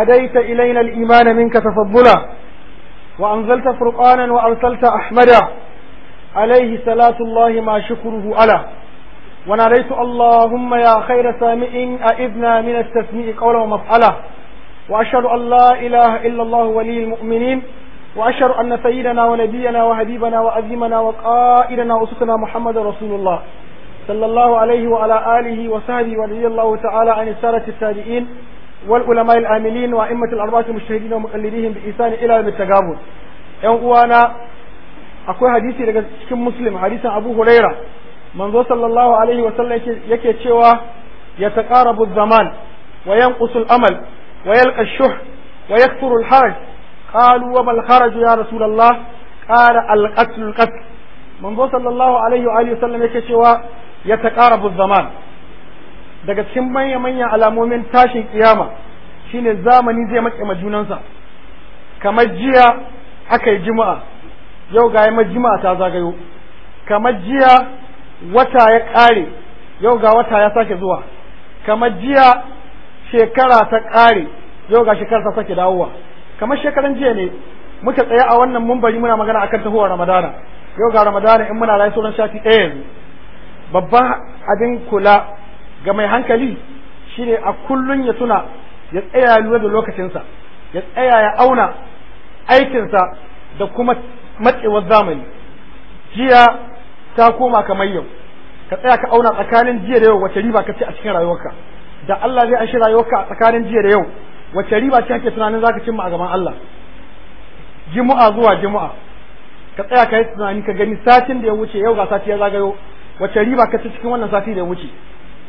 هديت إلينا الإيمان منك تفضلا وأنزلت فرقانا وأرسلت أحمدا عليه صلاة الله ما شكره على وناديت اللهم يا خير سامع أئذنا من التسميع قولا ومفعلا وأشهد أن لا إله إلا الله ولي المؤمنين وأشهد أن سيدنا ونبينا وحبيبنا وأزمنا وقائدنا وأسسنا محمد رسول الله صلى الله عليه وعلى آله وصحبه ورضي الله تعالى عن السادة التابعين والعلماء العاملين وأئمة الأربعة المجتهدين ومقلديهم بإحسان إلى يوم التقابل ‘yan uwana akwai hadisi daga cikin muslim hadisin abu huraira manzo sallallahu alaihi wasallam yake cewa ya taqarabu zaman wa yanqusul amal wa yalqa shuh wa yakthuru haraj qalu wa mal haraj ya rasulullah qala al-qatl al-qatl manzo sallallahu alaihi wa cewa ya taqarabu buzaman. daga cikin manya manyan alamomin tashin kiyama shine zamani zai make ma junansa kamar jiya aka yi juma'a yau ga yamma juma'a ta zagayo kamar jiya wata ya kare. yau ga wata ya sake zuwa kamar jiya shekara ta kare. yau ga shekara ta sake dawowa kamar shekaran jiya ne muka tsaya a wannan mumbari muna magana akan tahowar ramadana yau ga ramadana in muna rayu sauran sati ɗaya yanzu babban abin kula ga mai hankali shine a kullum ya tuna ya tsaya lura da lokacinsa ya tsaya ya auna aikinsa da kuma matsewar zamani jiya ta koma kamar yau ka tsaya ka auna tsakanin jiya da yau wace riba ka ce a cikin rayuwarka da Allah zai anshi rayuwarka a tsakanin jiya da yau wace riba ce kake tunanin zaka cimma a gaban Allah Juma'a zuwa Juma'a ka tsaya ka yi tunani ka gani satin da ya wuce yau ga sati ya zagayo wace riba ka ci cikin wannan sati da ya wuce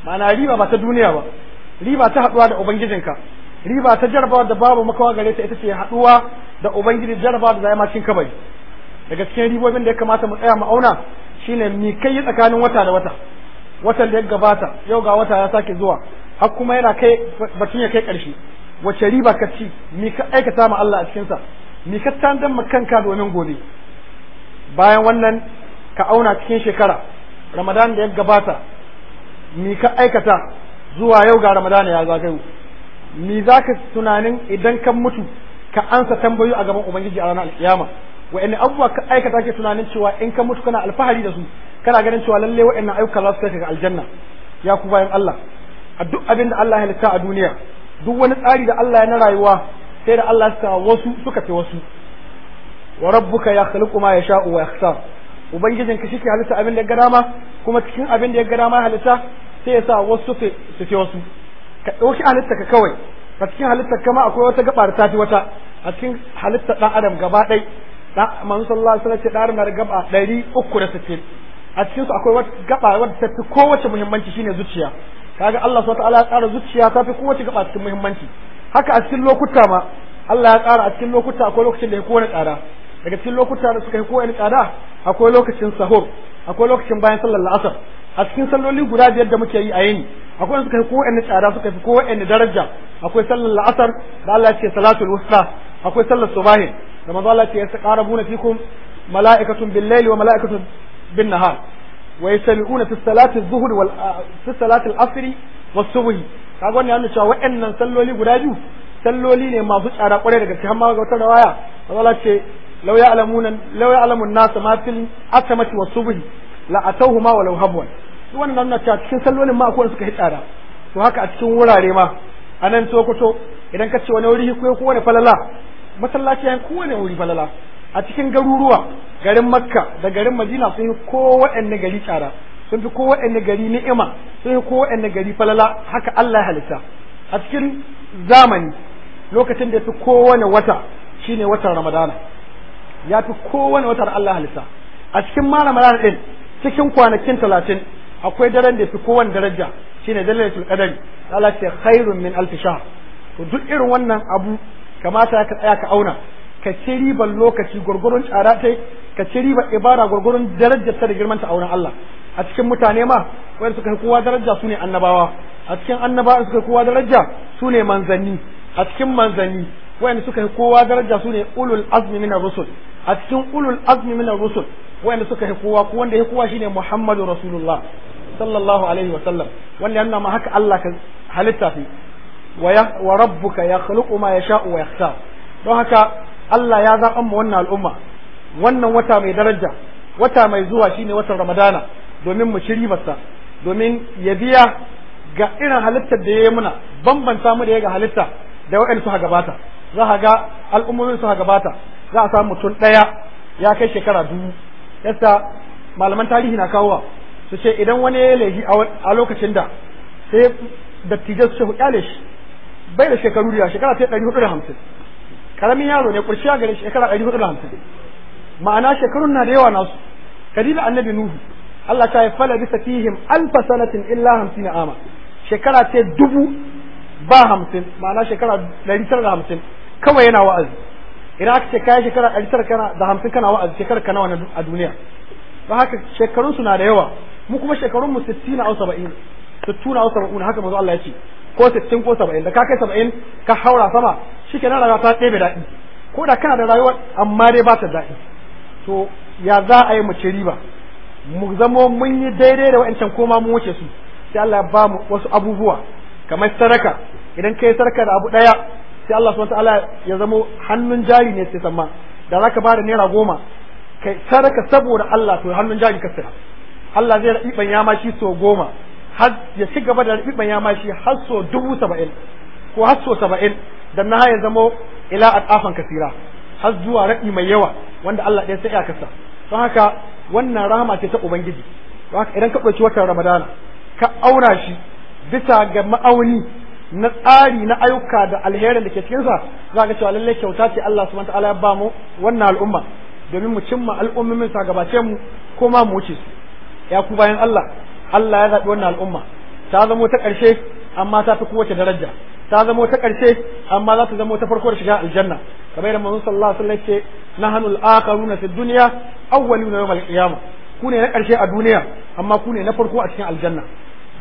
ma'ana riba ba ta duniya ba riba ta haɗuwa da ubangijinka riba ta jarabawa da babu makawa gare ta ita ce haɗuwa da ubangiji jarabawa da zama cikin kabari daga cikin ribobin da ya kamata mu tsaya mu auna shine mi kai yi tsakanin wata da wata watan da ya gabata yau ga wata ya sake zuwa har kuma yana kai batun ya kai ƙarshe wace riba ka ci mi ka aikata ma Allah a cikin sa mi ka tandan ma kanka domin gobe bayan wannan ka auna cikin shekara ramadan da ya gabata mi ka aikata zuwa yau ga ramadana ya zagayo mi za ka tunanin idan ka mutu ka ansa tambayo a gaban ubangiji a ranar alkiyama in abubuwa ka aikata ke tunanin cewa in ka mutu kana alfahari da su kana ganin cewa lalle wa'annan ayyuka za su kai ka aljanna ya ku bayan Allah a duk abin da Allah ya halitta a duniya duk wani tsari da Allah ya na rayuwa sai da Allah suka wasu suka ce wasu wa rabbuka ya khaliqu ma yasha'u wa yakhtar ubangijin ka shike halitta abin da ya ga dama kuma cikin abin da ya ga dama halitta sai ya sa wasu su fi wasu ka ɗauki halitta ka kawai a cikin halitta kama akwai wata gaba da tafi wata a cikin halitta ɗan adam gaba ɗai man sallallahu alaihi ce ɗan adam gaba ɗari uku da sittin a cikin su akwai wata gaba wadda ta fi kowace muhimmanci shine zuciya kaga Allah subhanahu wataala ya tsara zuciya ta fi kowace gaba cikin muhimmanci haka a cikin lokuta ma Allah ya tsara a cikin lokuta akwai lokacin da ya kowane tsada daga cikin lokuta da suka yi kowane tsada akwai lokacin sahur akwai lokacin bayan sallar la'asar a cikin salloli guda biyar da muke yi a yini akwai suka fi kowanne tsada suka fi kowanne daraja akwai sallar la'asar da Allah ce salatul wusta akwai sallar subahin da manzo Allah ce yastaqarabuna fikum mala'ikatun bil layli wa mala'ikatun bin nahar wa yastami'una fi salati adh wal fi salati al-asr was subh kaga wannan yana cewa wa'annan salloli guda biyu salloli ne masu tsada kwarai daga cikin hamma ga wata rawaya manzo Allah ce law ya'lamuna law ya'lamu nas ma fil atamati was subh la atawhuma habwan su wannan nuna cewa cikin sallolin ma akwai suka hitsara to haka a cikin wurare ma a nan sokoto idan ka ce wani wuri ko kowane falala masallaci yan kowane wuri falala a cikin garuruwa garin makka da garin madina sun yi ko waɗanne gari tsara sun fi ko gari ni'ima sun fi ko waɗanne gari falala haka Allah ya halitta a cikin zamani lokacin da ya fi kowane wata shine watan ramadana ya fi kowane watan Allah halitta a cikin ma ramadana din cikin kwanakin talatin akwai daren da fi kowane daraja shine dalilatul qadari Allah ce khairun min alf shahr to duk irin wannan abu kamata ka tsaya ka auna ka ce ribar lokaci gurgurun tsara tai ka ce ribar ibara gurgurun darajarta ta da girman ta auren Allah a cikin mutane ma wanda suka yi kowa daraja sune annabawa a cikin annabawa suka yi kowa daraja sune manzanni a cikin manzanni wanda suka yi kowa daraja sune ulul azmi minar rusul a cikin ulul azmi min ar-rusul wanda suka yi kowa ko wanda ya kowa shine Muhammadu Rasulullah sallallahu alaihi wa sallam wanda yana ma haka Allah ka halitta fi wa rabbuka yakhluqu ma yasha'u wa yakhtar don haka Allah ya zaɓa mu wannan al'umma wannan wata mai daraja wata mai zuwa shine watan Ramadana domin mu shiri masa domin ya biya ga irin halittar da ya yi muna bambanta mu da ya ga halitta da waɗanda suka gabata za ga al'ummomin suka gabata za a samu mutum ɗaya ya kai shekara dubu yasa malaman tarihi na kawowa su ce idan wani ya laifi a lokacin da sai dattijai su ce hukale shi bai da shekaru da shekara ta ɗari hudu da hamsin karamin yaro ne kurciya gare shekara ɗari hudu da hamsin ma'ana shekarun na da yawa nasu kadila annabi nuhu Allah ta yi fala bisa fihim alfa sanatin illa hamsin na ama shekara ta dubu ba hamsin ma'ana shekara ɗari tara da hamsin kawai yana wa'azi idan aka ce kai shekara ɗari tara kana da hamsin kana wa'azi shekara kana wa a duniya ba haka shekarun su na da yawa mu kuma shekarun mu 60 au saba'in 60 au 70 haka mazu Allah ya ce ko 60 ko saba'in da ka kai saba'in ka haura sama shikenan rayuwa ta tsebe daɗi ko da kana da rayuwa amma dai ba ta daɗi to ya za a yi mu ci riba mu zamo mun yi daidai da wa'ancan koma mun wuce su sai Allah ya ba mu wasu abubuwa kamar sadaka idan kai sadaka da abu ɗaya sai Allah subhanahu ya zamo hannun jari ne sai sama da zaka da naira goma kai sadaka saboda Allah to hannun jari ka saya Allah zai ban yama shi so goma har ya ci gaba da ban yama shi har so dubu saba'in ko har so saba'in dan na ya zamo ila al'afan kasira har zuwa raɗi mai yawa wanda Allah ɗaya sai ya kasa don haka wannan rahama ce ta ubangiji don haka idan ka ɗauki watan ramadana ka aura shi bisa ga ma'auni na tsari na ayyuka da alherin da ke cikinsa za ka cewa lallai kyauta ce Allah su wataala ya ba mu wannan al'umma domin mu cimma al'ummomin sa gabace mu ko ma mu wuce su ya ku bayan Allah Allah ya zaɓi wannan al'umma ta zamo ta ƙarshe amma ta fi kowace daraja ta zamo ta ƙarshe amma za ta zamo ta farko da shiga aljanna kamar yadda manzon sallallahu alaihi wasallam ce nahnu al-akharuna fi dunya awwaluna yawm al-qiyamah ku ne na ƙarshe a duniya amma ku ne na farko a cikin aljanna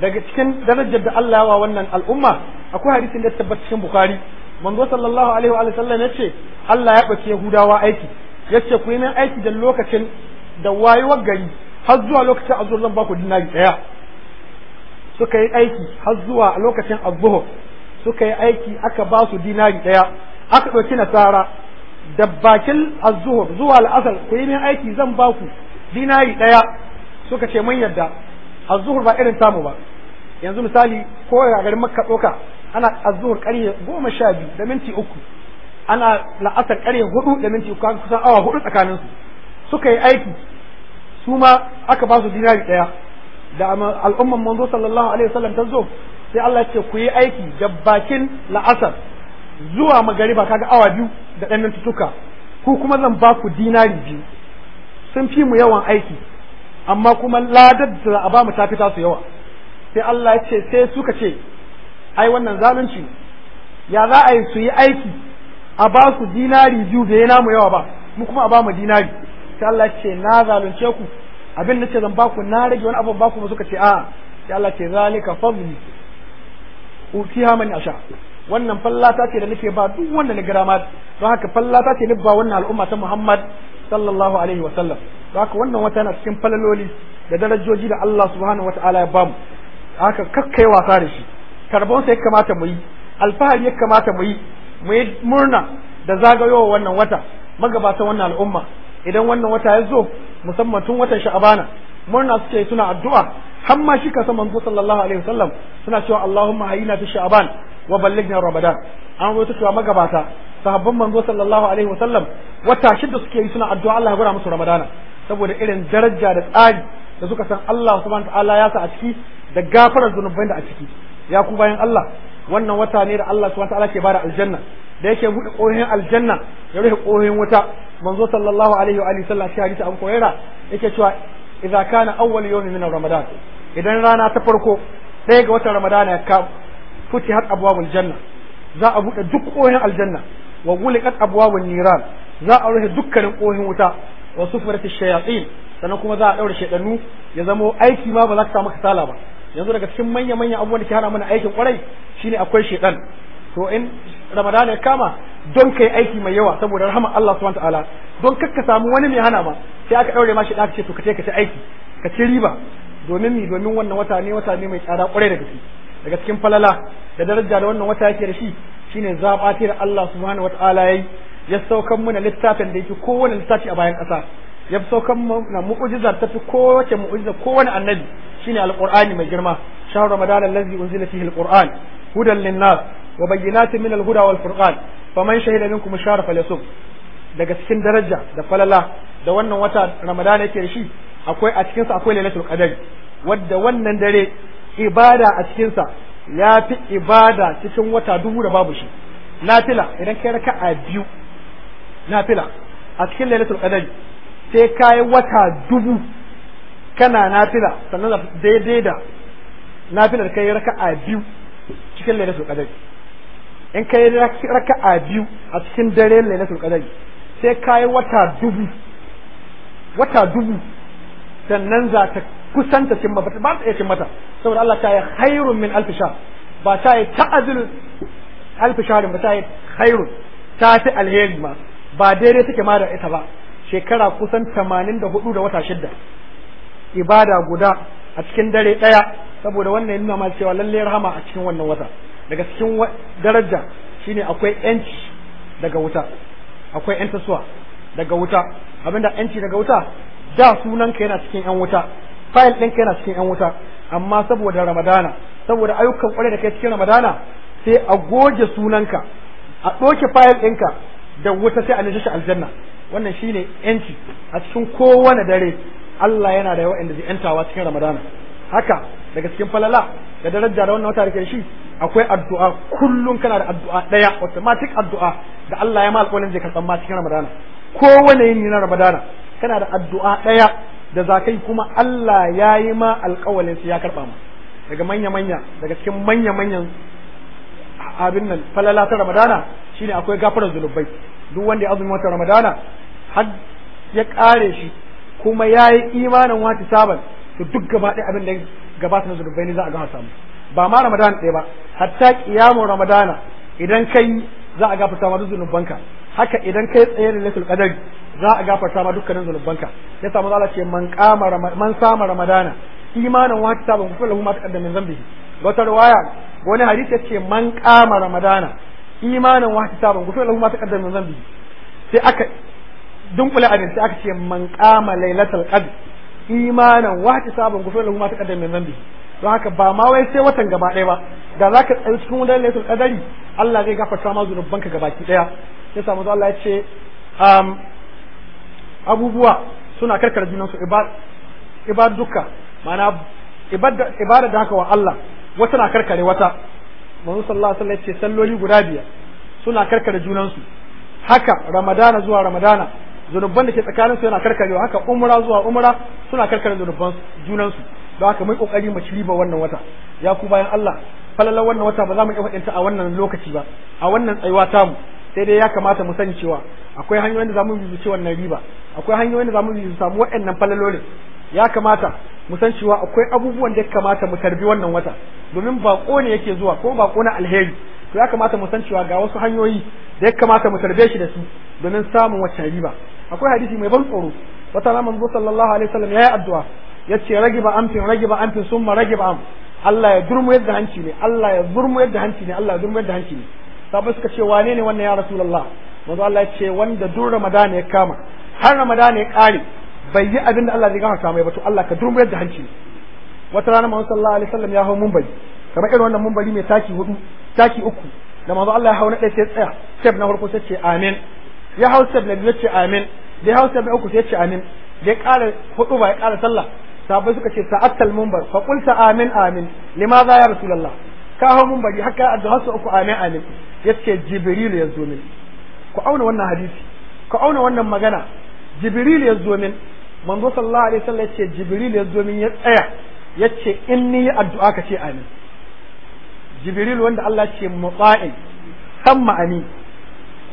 daga cikin darajar da Allah wa wannan al'umma akwai hadisin da tabbata cikin bukari, manzo sallallahu alaihi wa sallam yace Allah ya bace Yahudawa aiki yace ku yi min aiki da lokacin da wayewar gari har zuwa lokacin azhur zan baku dinari daya suka yi aiki har zuwa lokacin azhur suka yi aiki aka ba su dinari daya aka dauki nasara da bakin azhur zuwa al'asar ku yi min aiki zan baku dinari daya suka ce mun yadda azzuhur ba irin tamu ba yanzu misali ko a garin makka tsoka ana azzuhur karye goma sha biyu da minti uku ana la'asar karye hudu da minti uku kusan awa hudu tsakanin su suka yi aiki su ma aka ba su dinari daya da al'umman manzo sallallahu alaihi wasallam ta zo sai Allah ya ce ku yi aiki da bakin la'asar zuwa magariba kaga awa biyu da ɗan mintutuka ku kuma zan ba ku dinari biyu sun fi mu yawan aiki amma kuma ladar da a ba mu ta fita su yawa sai Allah ya ce sai suka ce ai wannan zalunci ya za a yi su yi aiki a ba su dinari biyu bai namu yawa ba mu kuma a ba mu dinari sai Allah ce na zalunce ku abin da ce zan baku na rage wani abin baku suka ce a sai Allah ce zalika fadli utiha man asha wannan fallata ce da nake ba duk wanda na gara ma don haka fallata ce ni ba wannan al'umma ta Muhammad sallallahu alaihi wa sallam haka wannan wata na cikin falaloli da darajoji da Allah subhanahu wataala ya bamu haka kakkai wasa da shi karbon sai kamata mu yi alfahari ya kamata mu yi mu yi murna da zagayowa wannan wata Magabata wannan al'umma idan wannan wata ya zo musamman tun watan sha'abana murna suke suna addu'a har ma shi kasa manzo sallallahu alaihi wasallam suna cewa Allahumma hayina fi sha'aban wa ballighna ramadan an rawaito cewa magabata sahabban manzo sallallahu alaihi wasallam wata shida suke yi suna addu'a Allah ya gwada musu ramadana saboda irin daraja da tsari da suka san Allah subhanahu ta'ala ya sa a ciki da gafarar zunubai da a ciki ya ku bayan Allah wannan wata ne da Allah subhanahu ta'ala ke bada aljanna da yake bude kohin aljanna ya rufe kohin wuta manzo sallallahu alaihi wa alihi sallam shi an koyara yake cewa idza kana awwal yawmin min ramadan idan rana ta farko ɗaya ga watan ramadana ya kawo futihat abwabul janna za a bude duk kohin aljanna wa gulikat abwabun niran za a rufe dukkanin ƙohin wuta wa sufurati shayatin sannan kuma za a daura shedanu ya zama aiki ma ba za ka samu kasala ba yanzu daga cikin manya manya abubuwan da ke hana mana aikin kwarai shine akwai shedan to in ramadana ya kama don kai aiki mai yawa saboda rahama Allah subhanahu Ta'ala don kakka samu wani mai hana ba sai aka daure ma shi da ce to ka ce ka ci aiki ka ci riba domin mi domin wannan wata ne wata ne mai tsada kwarai da gaske daga cikin falala da daraja da wannan wata yake da shi shine zaba da Allah subhanahu wataala yayi ya saukan muna littafin da yake kowane littafi a bayan ƙasa ya saukan muna mu'ujiza ta fi kowace mu'ujiza kowane annabi shine alqur'ani mai girma shahru ramadan allazi unzila fihi alqur'an hudan linnas wa bayyinatin min alhuda wal furqan faman shahida minkum ash-shahra falyasum daga cikin daraja da falala da wannan wata ramadan yake shi akwai a cikinsa akwai lailatul qadar wadda wannan dare ibada a cikinsa ya fi ibada cikin wata dubu da babu shi nafila idan kai a biyu Na fila a cikin lailatul qadar sai kai wata dubu kana na fila sannan daidai da na fila ka yi raka a biyu cikin lailatul qadar in raka a biyu a cikin dare lailatul qadar sai kai wata dubu wata dubu sannan za ta kusanta cin ba ta iya cin mata saboda Allah ta yi khairun min alfi sha ba ta yi ta'azil alfi sharin ba ta yi khairun ta fi alheri ma ba daidai take ma da ita ba shekara kusan tamanin da hudu da wata shidda ibada guda a cikin dare ɗaya saboda wannan yana ma cewa lallai rahama a cikin wannan wata daga cikin daraja shine akwai yanci daga wuta akwai yan daga wuta abinda yanci daga wuta da sunanka yana cikin yan wuta fayil ɗinka yana cikin yan wuta amma saboda ramadana saboda ayyukan kwarai da kai cikin ramadana sai a goge sunanka a ɗoke fayil ɗinka da wuta sai a nishe shi aljanna wannan shine yanci a cikin kowane dare Allah yana da wa'anda zai yantawa cikin Ramadana haka daga cikin falala da daraja da wannan wata da shi akwai addu'a kullum kana da addu'a daya automatic addu'a da Allah ya ma alƙawarin zai karɓa ma cikin Ramadana kowane yin na Ramadana kana da addu'a daya da zakai kuma Allah ya yi ma alƙawarin ya karɓa ma daga manya manya daga cikin manya manyan abin nan falala ta Ramadana shine akwai gafarar zunubai duk wanda ya azumi watan ramadana har ya kare shi kuma ya yi imanin wati saban to duk gaba ɗaya abin da gabata na zunubai ne za a gama samu ba ma ramadan ɗaya ba hatta kiyamun ramadana idan kai za a gafarta ma duk zunubanka haka idan kai tsaye da lakul qadari za a gafarta ma dukkanin zunubanka ya samu Allah ce man qama man sama ramadana imanin wati saban ku lahu ma taqaddama min zambihi wata riwaya wani hadisi ce man qama ramadana imanin wa ku sai lahu ma taqaddama min dhanbi sai aka dunkule abin sai aka ce man qama lailatul qadr imanan wa sabon gufi lahu ma taqaddama min dhanbi don haka ba ma wai sai watan gaba ɗaya ba da zaka tsayi cikin wannan lailatul qadari Allah zai gafarta ma ka gabaki ɗaya Sai samu zo Allah ya ce abubuwa suna karkar junan su ibad duka ma'ana ibada da haka wa Allah wata na karkare wata manzo sallallahu alaihi wasallam ce salloli guda biyar suna karkare junansu haka ramadana zuwa ramadana zunuban da ke tsakaninsu yana karkarewa haka umra zuwa umra suna karkare zunuban junansu don haka mai kokari mu ci wannan wata ya ku bayan Allah falalar wannan wata ba za mu iya faɗinta a wannan lokaci ba a wannan tsayuwa tamu sai dai ya kamata mu sani cewa akwai hanyoyin da za mu yi wannan riba akwai hanyoyin da za mu yi samu waɗannan falalolin ya kamata mu san cewa akwai abubuwan da ya kamata mu tarbi wannan wata domin bako ne yake zuwa ko bako na alheri to ya kamata mu san cewa ga wasu hanyoyi da ya kamata mu tarbe shi da su domin samun wacce riba akwai hadisi mai ban tsoro wata na manzo sallallahu alaihi wasallam yayi addu'a yace ragiba amfin ragiba amfin summa ragiba am Allah ya durmu yadda hanci ne Allah ya durmu yadda hanci ne Allah ya durmu yadda hanci ne sabu suka ce wane ne wannan ya rasulullah manzo Allah ya ce wanda duk Ramadan ya kama har Ramadan ya kare bai yi abin da Allah zai gafarta mai ba to Allah ka durmuyar da hanci wata rana manzo sallallahu alaihi wasallam ya hawo munbari kamar irin wannan munbari mai taki hudu taki uku da manzo Allah ya hawo na ɗaya sai tsaya step na farko sai ce amin ya hawo step na biyu ce amin da ya hawo step na uku sai ce amin da ya ƙara hudu ba ya ƙara sallah sabai suka ce ta'attal mumbar. fa qulta amin amin limadha ya rasulullah ka hawo munbari haka addu'a su uku amin amin yace jibril ya zo min ku auna wannan hadisi ku auna wannan magana jibril ya zo min manzo sallallahu alaihi wasallam yace jibril ya zo min ya tsaya yace in ni yi addu'a ka ce amin jibril wanda Allah ce muqa'in kan ma'ani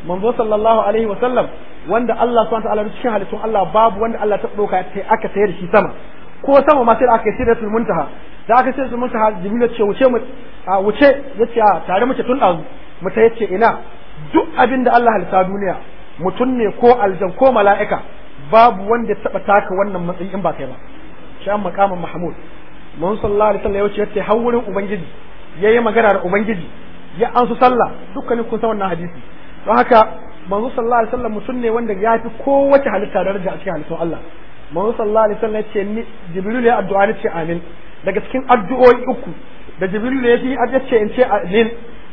manzo sallallahu alaihi wasallam wanda Allah subhanahu wa ta'ala cikin halittun Allah babu wanda Allah ta doka ta aka tayar shi sama ko sama ma sai aka yi sidratul muntaha da aka sidratul muntaha jibril ce wuce mu a wuce yace a tare muke tun dazu mu yace ina duk abin da Allah halitta duniya mutum ne ko aljan ko mala'ika babu wanda taba taka wannan matsayi in ba kai ba shi an makamin mahmud mun sallallahu alaihi wasallam ya wuce yace har wurin ubangiji yayi magana da ubangiji ya su sallah dukkanin kun san wannan hadisi don haka manzo sallallahu alaihi wasallam mutum ne wanda ya fi kowace halitta daraja a cikin halittun Allah manzo sallallahu alaihi wasallam yace ni jibril ya addu'a ni ce amin daga cikin addu'o'i uku da jibril ya yi a ce in ce amin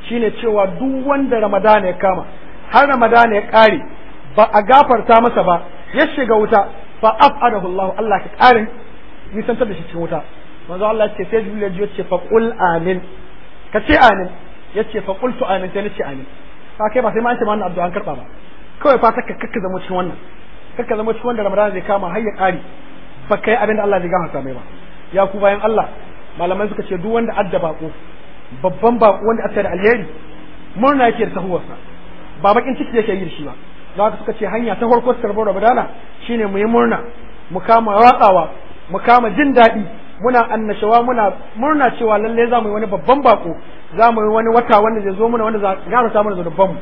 shine cewa duk wanda ramadana ya kama har ramadana ya kare ba a gafarta masa ba ya shiga wuta fa af'adahu Allah Allah ka karin nisantar da shi cikin wuta manzo Allah ya ce sai Jibril ya ce fa qul amin ka ce amin ya ce fa qultu amin sai na ce amin ka kai ba sai ma an ce ma wannan addu'a an karba ba kawai fata ka kakka zama cikin wannan kakka zama cikin wanda Ramadan zai kama har ya kari ba kai abin da Allah zai gafarta mai ba ya ku bayan Allah malamai suka ce duk wanda adda bako babban bako wanda aka da alheri murna yake da tahuwarsa ba bakin ciki yake yi da shi ba za ka suka ce hanya ta farko su karɓar ramadana shine mu yi murna mu kama watsawa mu kama jin daɗi muna annashawa muna murna cewa lalle za mu yi wani babban bako za mu yi wani wata wanda zai zo muna wanda za ya rusa mana babban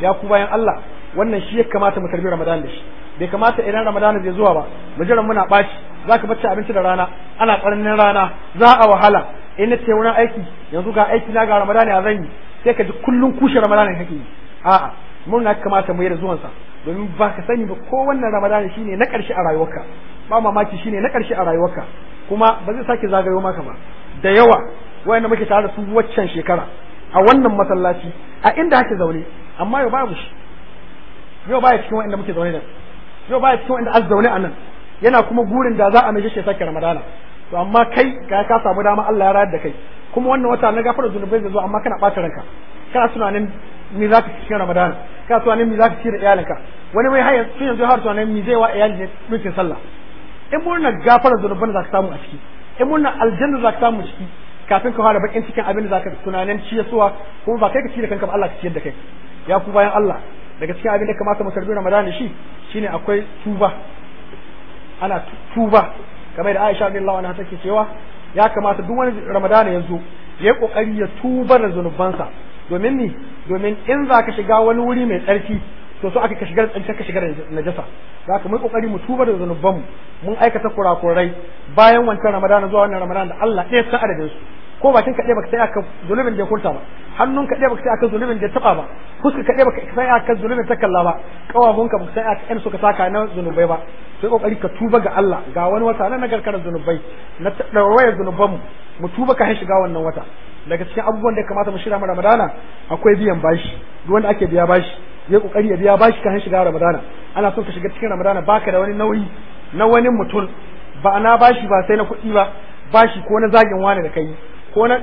ya ku bayan Allah wannan shi ya kamata mu karbi Ramadan da shi bai kamata idan Ramadan zai zuwa ba mu jira muna baci zaka bacci abinci da rana ana tsananin rana za a wahala in na ce wurin aiki yanzu ga aiki na ga Ramadan ya zan yi sai ka ji kullun kushe Ramadan ya kake yi a'a Mun na kamata mu yi da zuwansa domin ba ka sani ba ko wannan ramadana shine na ƙarshe a rayuwarka ba mamaki shine na ƙarshe a rayuwarka kuma ba zai sake zagayo maka ba da yawa wayanda muke tare da su waccan shekara a wannan masallaci a inda ake zaune amma yau babu shi yau baya cikin wayanda muke zaune da yau baya cikin wayanda az zaune anan yana kuma gurin da za a mai shi sake ramadana to amma kai ga ka samu dama Allah ya rayar da kai kuma wannan wata na gafara zunubai zai zo amma kana ɓata ranka kana tunanin me za ka ci cikin ramadana ka ne me za ka ci da iyalinka wani mai har yanzu yanzu har tunanin me zai wa iyali ne dukkan sallah in murna gafara zunuban za ka samu a ciki in murna aljanna za ka samu a ciki kafin ka fara bakin cikin abin da za ka tunanin suwa ko ba kai ka ci da kanka ba Allah ka ci da kai ya ku bayan Allah daga cikin abin da kamata mu karbi ramadan shi shine akwai tuba ana tuba kamar da Aisha radiyallahu anha take cewa ya kamata duk wani ramadana yanzu zo ya yi kokari ya tuba da zunubansa domin ni domin in za ka shiga wani wuri mai tsarki to so aka shigar tsarki ka shigar najasa za ka mun kokari mu tuba da zanubanmu mun aikata kurakurai bayan wancan ramadana zuwa wannan ramadana da Allah ɗaya san adadin su ko bakin ka ɗaya baka sai aka zulumin da ya ba hannun ka ɗaya baka sai aka zulumin da ya taɓa ba fuska ka ɗaya baka sai aka zulumin ta kalla ba kawafun ka baka sai aka ɗan suka saka na zunubai ba sai kokari ka tuba ga Allah ga wani wata na nagarkar zunubai na ɗaurayar zunubanmu mu tuba ka shiga wannan wata daga cikin abubuwan da kamata mu shirya mu ramadana akwai biyan bashi duk wanda ake biya bashi ya kokari ya biya bashi kan shiga ramadana ana son ka shiga cikin ramadana baka da wani nauyi na wani mutum ba na bashi ba sai na kuɗi ba bashi ko na zagin wani da kai ko na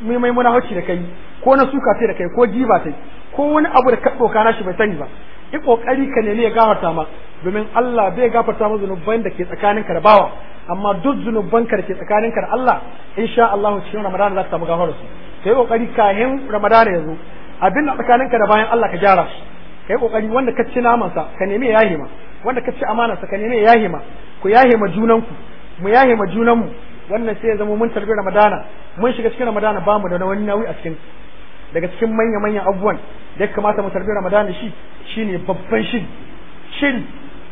mai muna hauci da kai ko na suka sai da kai ko jiba sai ko wani abu da ka doka na shi bai sani ba yi kokari ka nemi ya gafarta ma domin Allah bai gafarta ma zunuban da ke tsakaninka da bawa amma duk zunuban ka da ke tsakanin ka da Allah insha Allah cikin Ramadan za ka samu gafara su kai kokari kahin Ramadan ya zo abin da tsakaninka da bayan Allah ka gyara shi kai kokari wanda ka ci naman sa ka nemi yahi ma wanda ka ci amana sa ka nemi yahi ma ku yahi ma junanku mu yahi ma junanmu wannan sai ya zama mun tarbi Ramadan mun shiga cikin Ramadan bamu da wani nauyi a cikin daga cikin manya-manyan abubuwan da ya kamata mu tarbi Ramadan shi shi ne babban shiri shiri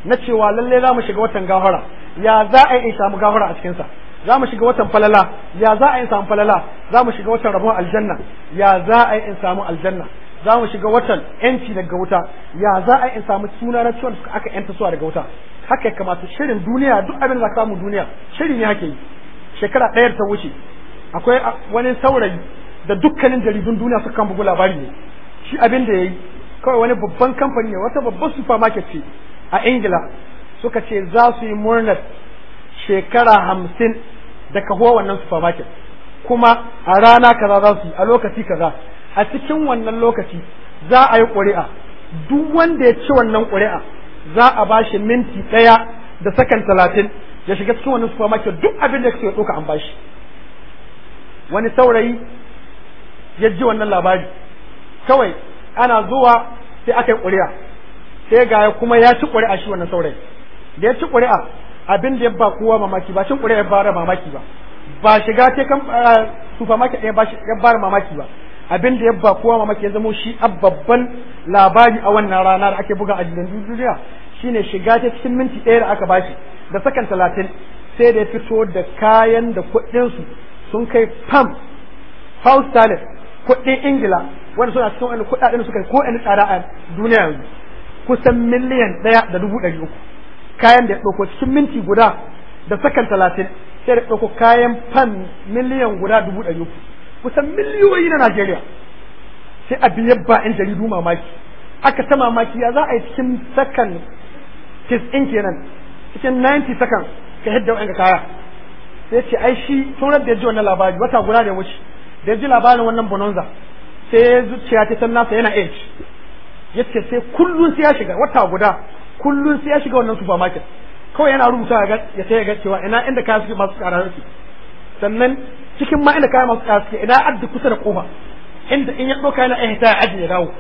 na cewa lalle za mu shiga watan gafara ya za a yi samu gafara a cikinsa za mu shiga watan falala ya za a yi samu falala za mu shiga watan rabon aljanna ya za a yi samu aljanna za mu shiga watan yanci daga wuta ya za a yi samu suna na ciwon suka aka yanta suwa daga wuta haka ya kamata shirin duniya duk abin da za samu duniya shiri ne hake yi shekara ɗayar ta wuce akwai wani saurayi da dukkanin jaridun duniya suka bugu labari ne shi abin da ya yi kawai wani babban kamfani ne wata babban supermarket ce a ingila suka ce za su yi murnar shekara hamsin da kahuwa wannan supermarket kuma a rana kaza za su yi a lokaci kaza a cikin wannan lokaci za a yi ƙuri'a duk wanda ya ci wannan ƙuri'a za a ba shi minti ɗaya da sakan talatin ya shiga cikin wannan supermarket duk abin da ya ɗauka an ba shi wani saurayi ya ji wannan labari kawai ana zuwa sai aka yi ƙuri'a sai ga kuma ya ci ƙuri'a shi wannan saurayi da ya ci ƙuri'a abin da ya ba kowa mamaki ba cin ƙuri'a ya bara mamaki ba ba shiga ce kan ah, supermarket ɗaya ya bara mamaki ba abin da ya ba kowa mamaki ya zama shi babban labari a wannan rana da ake buga a jirgin duniya shine shiga ta cikin minti ɗaya da aka bashi da sakan talatin sai da ya fito da kayan da kuɗinsu sun kai pam house talent kuɗin ingila wanda suna cikin wani kuɗaɗen suka ko ɗan tsara a duniya yanzu kusan miliyan ɗaya da dubu ɗari uku kayan da ya ɗauko cikin minti guda da sakan talatin sai da ɗauko kayan fan miliyan guda dubu ɗari uku kusan miliyoyi na najeriya sai abin yabba in jaridu mamaki aka ta mamaki ya za a yi cikin sakan tis'in kenan cikin 90 sakan ka hidda wa'yan kaya sai ce ai shi tunar da ya ji wannan labari wata guda da wuce da ji labarin wannan bononza sai zuciya ta san nasa yana age yace sai kullun sai ya shiga wata guda kullun sai ya shiga wannan supermarket kawai yana rubuta ya sai ya ga cewa ina inda kaya suke masu tsara suke sannan cikin ma inda kaya masu tsara suke ina adda kusa da kofa inda in ya ɗauka yana eh ta aji ya dawo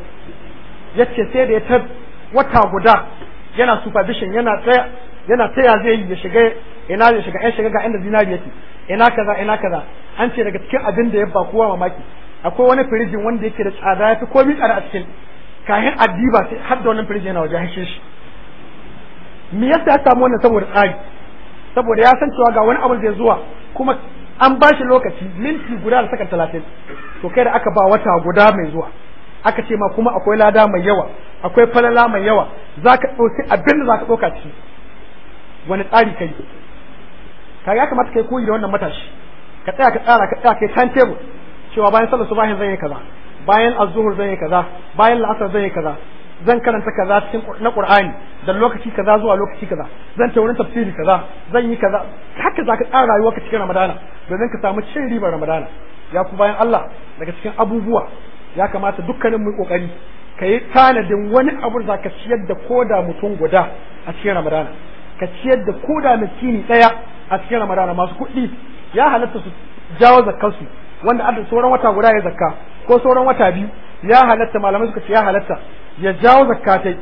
yace sai da ya ta wata guda yana supervision yana tsaya yana taya zai yi ya shiga ina ya shiga ya shiga ga inda zinari yake ina kaza ina kaza an ce daga cikin abin da ya ba kowa mamaki akwai wani firijin wanda yake da tsada ya fi komi tsada a cikin kayan addiba sai har da wannan firijin yana waje hashe shi me yasa ya samu wannan saboda tsari saboda ya san cewa ga wani abu zai zuwa kuma an ba shi lokaci minti guda da sakan talatin to kai da aka ba wata guda mai zuwa aka ce ma kuma akwai lada mai yawa akwai falala mai yawa za ka ɗauki abin da za ka ɗauka ciki wani tsari kai kaga ya kamata kai koyi da wannan matashi ka tsaya ka tsara ka tsaya kai kan tebur cewa bayan sallar subahin zan yi kaza bayan azzuhur zan yi kaza bayan la'asar zan yi kaza zan karanta kaza cikin na Qur'ani da lokaci kaza zuwa lokaci kaza zan ta wurin tafsiri kaza zan yi kaza haka ka tsara rayuwar ka cikin Ramadana domin ka samu cin ribar Ramadana ya ku bayan Allah daga cikin abubuwa ya kamata dukkanin mu kokari ka yi tanadin wani abu da ka ciyar da koda mutum guda a cikin Ramadana ka ciyar da koda miskini daya a cikin Ramadana masu kuɗi ya halatta su jawo zakkansu wanda a sauran wata guda ya zakka ko sauran wata biyu ya halatta malamai suka ce ya halatta ya jawo zakkatai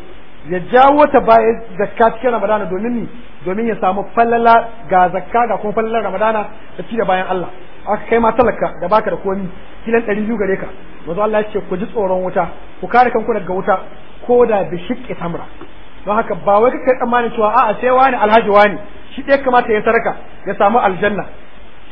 ya jawo ta baya zakka cikin ramadana domin ni domin ya samu fallala ga zakka ga kuma fallalar ramadana da ci da bayan Allah aka kai ma talaka da baka da komi kilan ɗari biyu gare ka mazu Allah ya ce ku ji tsoron wuta ku kare kanku daga wuta ko da bi shiƙi tamra don haka ba wai kake tsammanin cewa a'a sai wani alhaji wani shi ɗaya kamata ya saraka ya samu aljanna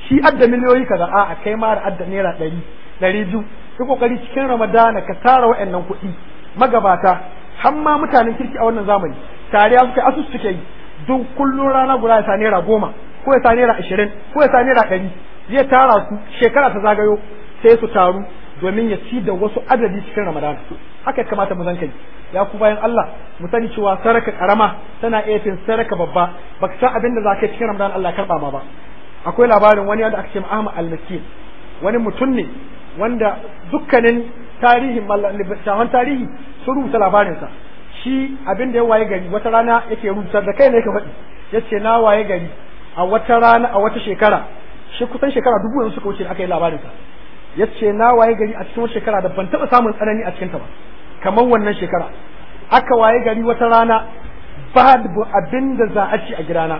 shi adda miliyoyi kaza a kai ma da adda naira ɗari ɗari biyu ka kokari cikin ramadana ka tara wa'annan kuɗi magabata har ma mutanen kirki a wannan zamani tariya suka yi asus suke yi duk kullum rana guda ya sa naira goma ko ya sa naira ashirin ko ya sa naira ɗari zai tara su shekara ta zagayo sai su taru domin ya ci da wasu adadi cikin ramadana haka ya kamata mu zan kai ya ku bayan Allah mu sani cewa saraka karama tana iya fin saraka babba baka san abin da za ka cikin ramadana Allah karba ma ba akwai labarin wani wanda aka ce Ahmad al wani mutum ne wanda dukkanin tarihin shahon tarihi sun rubuta labarinsa shi abin da ya waye gari wata rana yake rubuta da kai ne yake faɗi yace na waye gari a wata rana a wata shekara shi kusan shekara dubu yanzu suka wuce da aka yi labarinsa yace na waye gari a cikin wata shekara da ban taɓa samun tsanani a cikinta ba kamar wannan shekara aka waye gari wata rana ba abin da za a ci a gidana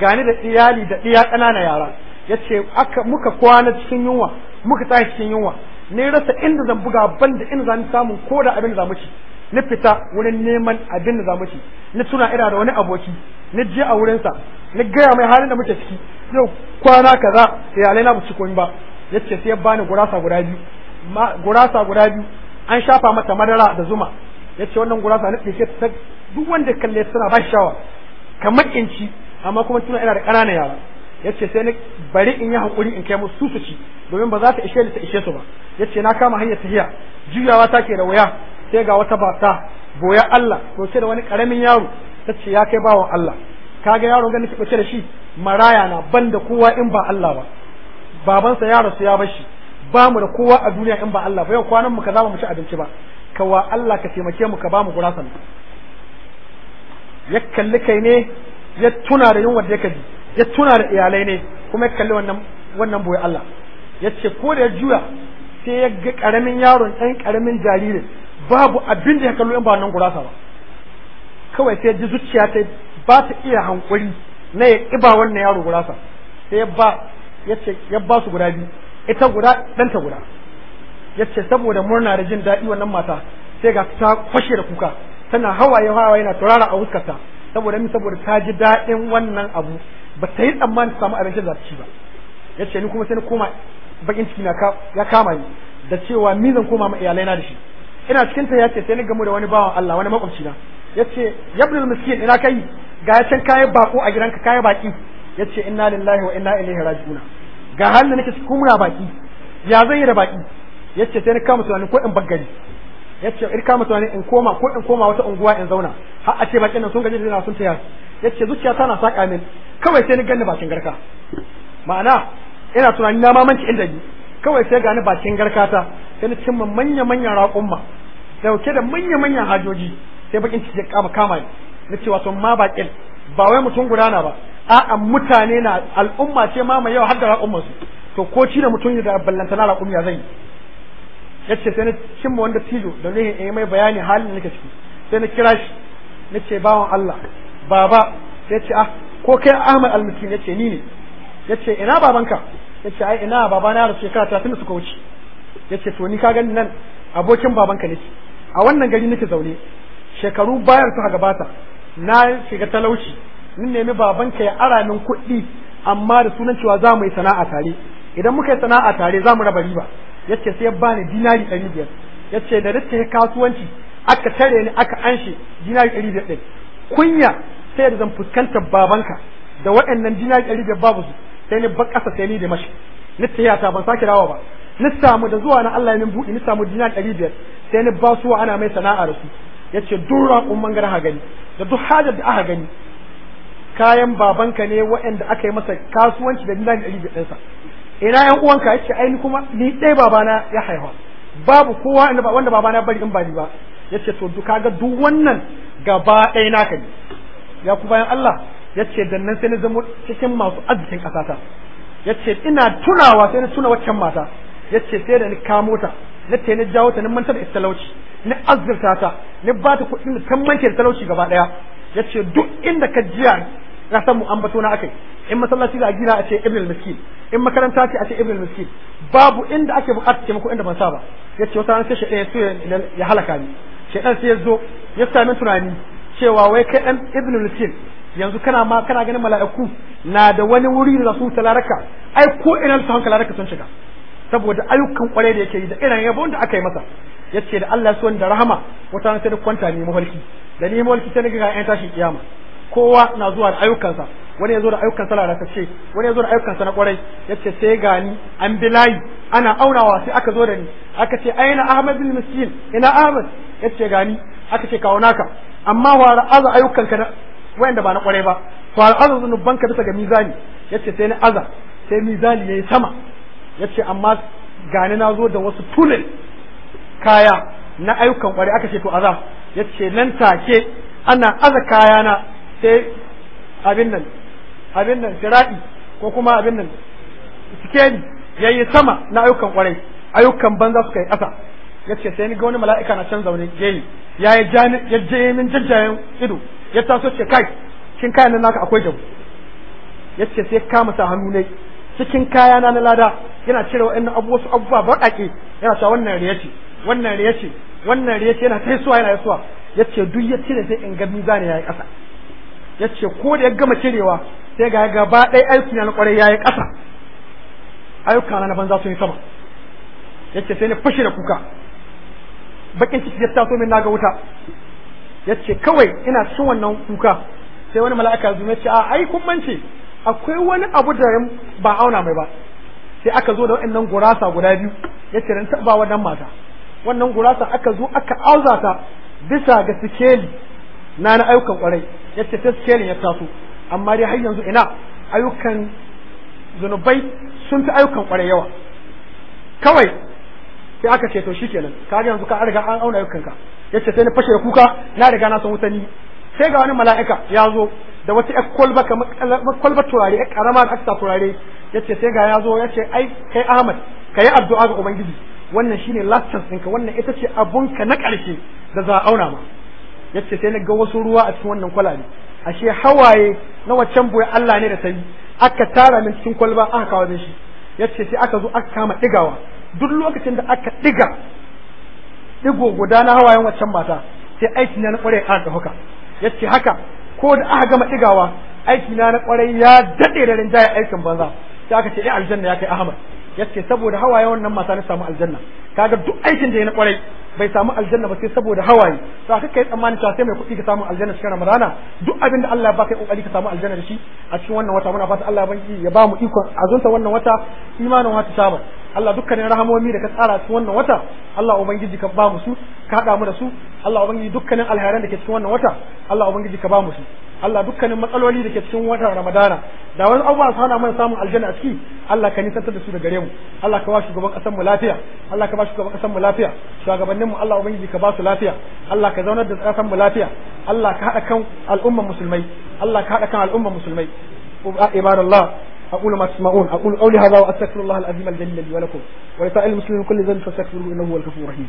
gani da iyali da iya ƙanana yara yace aka muka kwana cikin yunwa muka tashi cikin yunwa ne rasa inda zan buga ban da inda zan samu ko da abin da zamu ci ni fita wurin neman abin da zamu ci ni tuna ira da wani aboki ni je a wurinsa ni gaya mai halin da muke ciki yau kwana kaza iyalai na ci koyi ba yace sai ya bani gurasa guda biyu gurasa guda biyu an shafa mata madara da zuma yace wannan gurasa na ɗauke ta duk wanda kalle suna ba shawa kamar inci amma kuma tuna ina da ƙanana yara ce sai ni bari in yi hakuri in kai musu su ci domin ba za ta ishe ni ta ishe su ba ce na kama hanyar tahiya juyawa ke da waya sai ga wata bata boya Allah roke da wani karamin yaro ta ce ya kai bawan Allah kaga yaro ganin ta bace da shi maraya na ban da kowa in ba Allah ba babansa ya rasu ya bashi ba mu da kowa a duniya in ba Allah ba yau kwanan mu kaza mu ci abinci ba kawa Allah ka taimake mu ka ba mu gurasan ya kalli kai ne ya tuna da yunwar da kaji ya tuna da iyalai ne kuma ya kalli wannan wannan boye Allah ya ce ko da ya juya sai ya ga karamin yaron ɗan karamin jaririn babu abin da ya kallo in ba nan gurasa ba kawai sai ji zuciya ta ba ta iya hankuri na ya ƙiba wannan yaro gurasa sai ya ba ya ce ya ba su guda biyu ita guda ɗanta guda ya ce saboda murna da jin daɗi wannan mata sai ga ta kwashe da kuka tana hawaye hawaye na turara a huskarta saboda mi saboda ta ji daɗin wannan abu ba ta yi tsammani ta samu abinci da ba ya ce ni kuma sai ni koma bakin ciki ya kama ni da cewa mi zan koma ma iyalai na da shi ina cikin ta ya ce sai ni gamu da wani bawan Allah wani makwabci na ya ce yabnul miskin ina kai ga can kayan bako a gidanka kayan baki ya ce inna lillahi wa inna ilaihi raji'una ga halin da nake cikin baki ya zai yi da baki ya ce sai ni kama tunanin ko in baggari yace in kama tunani in koma ko in koma wata unguwa in zauna har a ce bakin nan sun gaji da sun taya yace zuciya tana saka min kawai sai ni gani bakin garka ma'ana ina tunani na mamanci inda ni kawai sai gani bakin garka ta sai ni cimma manya manyan raƙumma dauke da manya manyan hajoji sai bakin ciki kama kama ni na ce wato ma bakin ba wai mutum gudana ba a'a mutane na al'umma ce ma mai yawa har da raƙumma su to ko ci da mutum da ballantana raƙum zai zai yace sai na cimma wanda tijo da zai yi mai bayani halin nake ciki sai na kira shi nace bawan Allah baba sai ce ah ko kai Ahmad Al-Miskin yace ni ne yace ina babanka yace ai ina babana da shekara 30 suka wuce yace to ni ka gani nan abokin babanka nake a wannan gari nake zaune shekaru bayar suka gabata na shiga talauci ni nemi babanka ya ara min kuɗi amma da sunan cewa za mu yi sana'a tare idan muka yi sana'a tare za mu raba riba yace sai ya bani dinari 500 yace da nake kasuwanci aka tare ni aka anshe dinari 500 din kunya sai da zan fuskanta babanka da waɗannan dinari 500 babu su sai ni ba kasa sai ni da mashi ni tiyata ban sake dawo ba ni samu da zuwa na Allah ya min buɗe ni samu dinari 500 sai ni ba su ana mai da su yace duk raƙun mangara ha gani da duk hajar da aka gani kayan babanka ne waɗanda aka yi masa kasuwanci da dinari ɗari biyar ɗinsa ina yan uwanka yace ai ni kuma ni dai babana ya haifa babu kowa inda wanda babana bari in ba ba yace to duk ga duk wannan gaba ɗaya naka ne ya ku bayan Allah yace dan nan sai na zama cikin masu arzikin kasata yace ina tunawa sai na tuna waccan mata yace sai da ni kamo ta na te na jawo ta na manta da talauci na azurta ta na ba ta kuɗin da ta manta talauci gaba ɗaya yace duk inda ka jiya na san mu ambato na akai in masallaci da gina a ce ibn al-miskin in makaranta ce a ce ibn miskin babu inda ake ce taimako inda ban sa ba yace wata ran sai shi ya so ya halaka ni shaidan sai ya zo ya sami tunani cewa wai kai dan ibn miskin yanzu kana ma kana ganin mala'iku na da wani wuri da su talaraka ai ko ina su hankala laraka sun shiga saboda ayyukan kwarai da yake yi da irin yabon da aka yi masa yace da Allah son da rahama wata ran sai da kwanta ne da ni ta sai ga ƴan tashi kiyama kowa na zuwa da ayyukansa wani ya zo da ayyukan sa lalatacce wani ya zo da ayyukan sa na kwarai yace sai gani an bi layi ana aunawa sai aka zo da ni aka ce aina ahmad bin miskin ina ahmad yace gani aka ce kawo naka amma wa ra'aza ayyukan ka wanda ba na kwarai ba wa ra'aza zunuban ka bisa ga mizani yace sai na aza sai mizani yayi sama yace amma gani na zo da wasu tulin kaya na ayyukan kwarai aka ce to aza yace nan take ana aza kayana sai abin nan abin nan jira'i ko kuma abin nan sikeli yi sama na ayyukan kwarai ayyukan banza suka yi ƙasa ya ce sai ni ga wani mala'ika na can zaune yayi ya ya je min jajjayen ido ya taso ce kai cikin kayan nan naka akwai jabu ya ce sai kama sa hannu ne cikin kaya na lada yana cire wa'annan abubuwa su abubuwa baƙaƙe yana cewa wannan riya ce wannan riya ce wannan riya ce yana ta suwa yana suwa yace duk ya cire sai in ga mizani ya yi ƙasa ya ce ko da ya gama cirewa sai ga gaba ɗaya aiki na ya yi ƙasa ayyuka na banza sun yi sama ce sai ni fashe da kuka bakin ciki ya taso min naga wuta Ya ce kawai ina cikin wannan kuka sai wani mala'ika zuwa ce a ai kun mance akwai wani abu da ba auna mai ba sai aka zo da waɗannan gurasa guda biyu Ya yace ran taba wannan mata wannan gurasa aka zo aka auza ta bisa ga sikeli na na ayyukan kwarai ce sai sikelin ya taso amma dai har yanzu ina ayyukan zunubai sun fi ayyukan kwarai yawa kawai sai aka ce to shikenan ka ga yanzu ka riga an auna ayyukanka yace sai na fashe da kuka na riga na san wuta ni sai ga wani mala'ika ya zo da wata ƴar kwalba kamar kwalba turare ƴar karama da aka turare yace sai ga ya zo yace ai kai Ahmad kai addu'a ga ubangiji wannan shine last chance ɗinka wannan ita ce abunka na ƙarshe da za a auna ma yace sai na ga wasu ruwa a cikin wannan kwalabe ashe hawaye na waccan boye Allah ne da ta aka tara min cikin kwalba aka kawo da shi yace sai aka zo aka kama digawa duk lokacin da aka diga digo guda na hawayen waccan mata sai aiki na na kware a ga haka yace haka ko da aka gama digawa aiki na na kware ya dade da rinjaye aikin banza sai aka ce eh aljanna ya kai ahmad yace saboda hawaye wannan mata na samu aljanna kaga duk aikin da ya na kwarai bai samu aljanna ba sai saboda hawaye to aka kai tsammani cewa sai mai kuɗi ka samu aljanna cikin ramadana duk abin da Allah ya baka kokari ka samu aljanna da shi a cikin wannan wata muna fata Allah banki ya ba mu ikon azunta wannan wata imanin wata saba Allah dukkanin rahamomi da ka tsara cikin wannan wata Allah ubangiji ka ba mu su ka hada mu da su Allah ubangiji dukkanin alheran da ke cikin wannan wata Allah ubangiji ka ba mu su Allah dukkanin matsaloli da ke cikin watan Ramadana da wani abubuwa su hana mana samun aljanna a ciki Allah ka nisantar da su da gare mu Allah ka ba shugaban kasar mu lafiya Allah ka ba shugaban kasar mu lafiya shugabannin mu Allah ubangiji ka ba su lafiya Allah ka zaunar da kasar mu lafiya Allah ka hada kan al'ummar musulmai Allah ka hada kan al'ummar musulmai ibadallah أقول ما تسمعون أقول قولي هذا وأستغفر الله العظيم الجليل لي ولكم ولسائر المسلمين كل ذنب فاستغفروه إنه هو الغفور الرحيم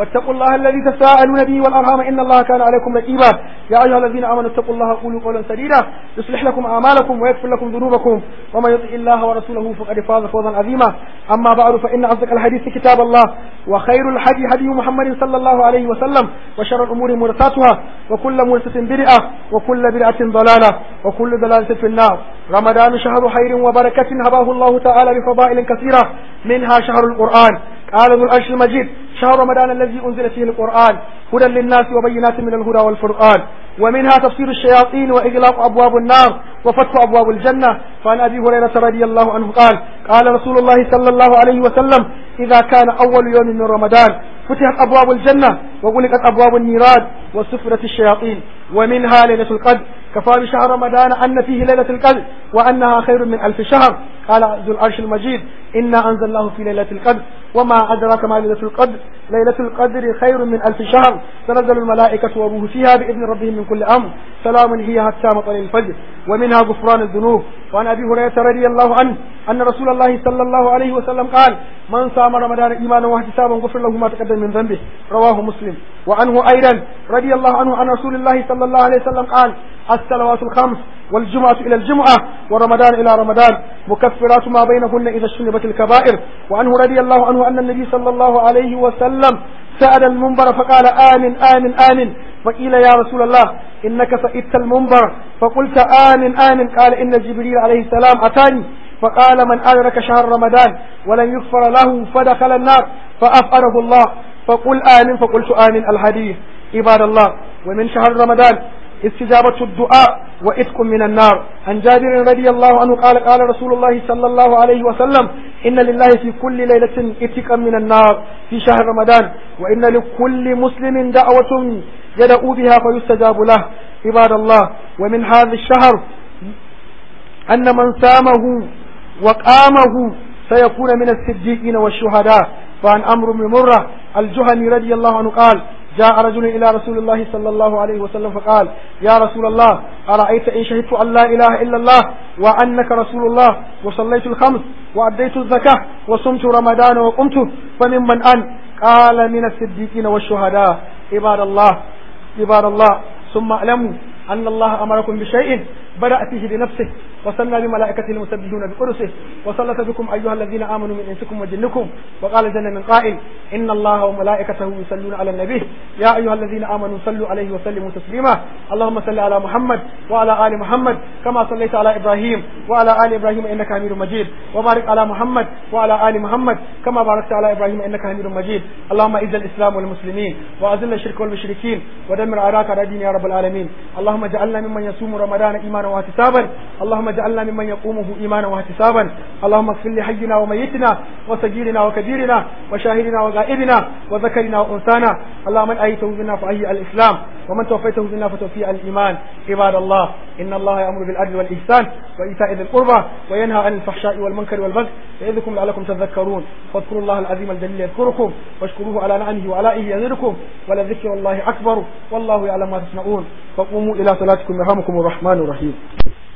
واتقوا الله الذي تساءلون به والأرهام إن الله كان عليكم رقيبا يا أيها الذين آمنوا اتقوا الله قولوا قولا سديدا يصلح لكم أعمالكم ويغفر لكم ذنوبكم ومن يطع الله ورسوله فقد فاز فوزا عظيما أما بعد فإن أصدق الحديث كتاب الله وخير الحديث هدي محمد صلى الله عليه وسلم وشر الأمور مرتاتها وكل مرسة برئه وكل برئه ضلالة وكل ضلالة في النار رمضان شهر خير وبركة هباه الله تعالى بفضائل كثيرة منها شهر القرآن قال ذو العرش المجيد شهر رمضان الذي أنزل فيه القرآن هدى للناس وبينات من الهدى والفرقان ومنها تفسير الشياطين وإغلاق أبواب النار وفتح أبواب الجنة فعن أبي هريرة رضي الله عنه قال قال رسول الله صلى الله عليه وسلم إذا كان أول يوم من رمضان فتحت أبواب الجنة وغلقت أبواب النيران وسفرت الشياطين ومنها ليلة القدر كفى شهر رمضان أن فيه ليلة القدر وأنها خير من ألف شهر قال ذو العرش المجيد إنا أنزلناه في ليلة القدر وما أدراك ما ليلة القدر ليلة القدر خير من ألف شهر تنزل الملائكة وابوه فيها بإذن ربهم من كل أمر سلام هي حتى مطلع الفجر ومنها غفران الذنوب وعن أبي هريرة رضي الله عنه أن رسول الله صلى الله عليه وسلم قال من صام رمضان إيمانا واحتسابا غفر له ما تقدم من ذنبه رواه مسلم وعنه أيضا رضي الله عنه عن رسول الله صلى الله عليه وسلم قال الصلوات الخمس والجمعة إلى الجمعة ورمضان إلى رمضان مكفرات ما بينهن إذا اجتنبت الكبائر وعنه رضي الله عنه أن النبي صلى الله عليه وسلم سأل المنبر فقال آمن آمن آمن فقيل يا رسول الله إنك سئدت المنبر فقلت آمن آمن قال إن جبريل عليه السلام أتاني فقال من أدرك شهر رمضان ولن يغفر له فدخل النار فأفأره الله فقل آمن فقلت آمن الحديث عباد الله ومن شهر رمضان استجابة الدعاء وإتق من النار عن جابر رضي الله عنه قال قال رسول الله صلى الله عليه وسلم إن لله في كل ليلة إتقا من النار في شهر رمضان وإن لكل مسلم دعوة يدعو بها فيستجاب له عباد الله ومن هذا الشهر أن من سامه وقامه سيكون من الصديقين والشهداء فعن أمر مرة الجهني رضي الله عنه قال جاء رجل إلى رسول الله صلى الله عليه وسلم فقال يا رسول الله أرأيت إن شهدت أن لا إله إلا الله وأنك رسول الله وصليت الخمس وأديت الزكاة وصمت رمضان وقمت فممن أن قال من الصديقين والشهداء عباد الله عباد الله ثم اعلموا أن الله أمركم بشيء بدأ فيه بنفسه وصلى بملائكته المسبحون بقدسه وصلت بكم ايها الذين امنوا من انسكم وجنكم وقال جل من قائل ان الله وملائكته يصلون على النبي يا ايها الذين امنوا صلوا عليه وسلموا تسليما اللهم صل على محمد وعلى ال محمد كما صليت على ابراهيم وعلى ال ابراهيم انك حميد مجيد وبارك على محمد وعلى ال محمد كما باركت على ابراهيم انك حميد مجيد اللهم اعز الاسلام والمسلمين واذل الشرك والمشركين ودمر اعداءك على دين يا رب العالمين اللهم اجعلنا ممن يصوم رمضان ايمانا واحتسابا اللهم جعلنا ممن يقومه إيمانا واحتسابا اللهم اغفر لحينا وميتنا وسجيرنا وكبيرنا وشاهدنا وغائبنا وذكرنا وأنثانا اللهم من أيته منا فأي الإسلام ومن توفيته منا فتوفي الإيمان عباد الله إن الله يأمر بالعدل والإحسان وإيتاء ذي القربى وينهى عن الفحشاء والمنكر والبغي يعظكم لعلكم تذكرون فاذكروا الله العظيم الجليل يذكركم واشكروه على نعمه وعلائه يزدكم ولذكر الله أكبر والله يعلم ما تصنعون فقوموا إلى صلاتكم يرحمكم الرحمن الرحيم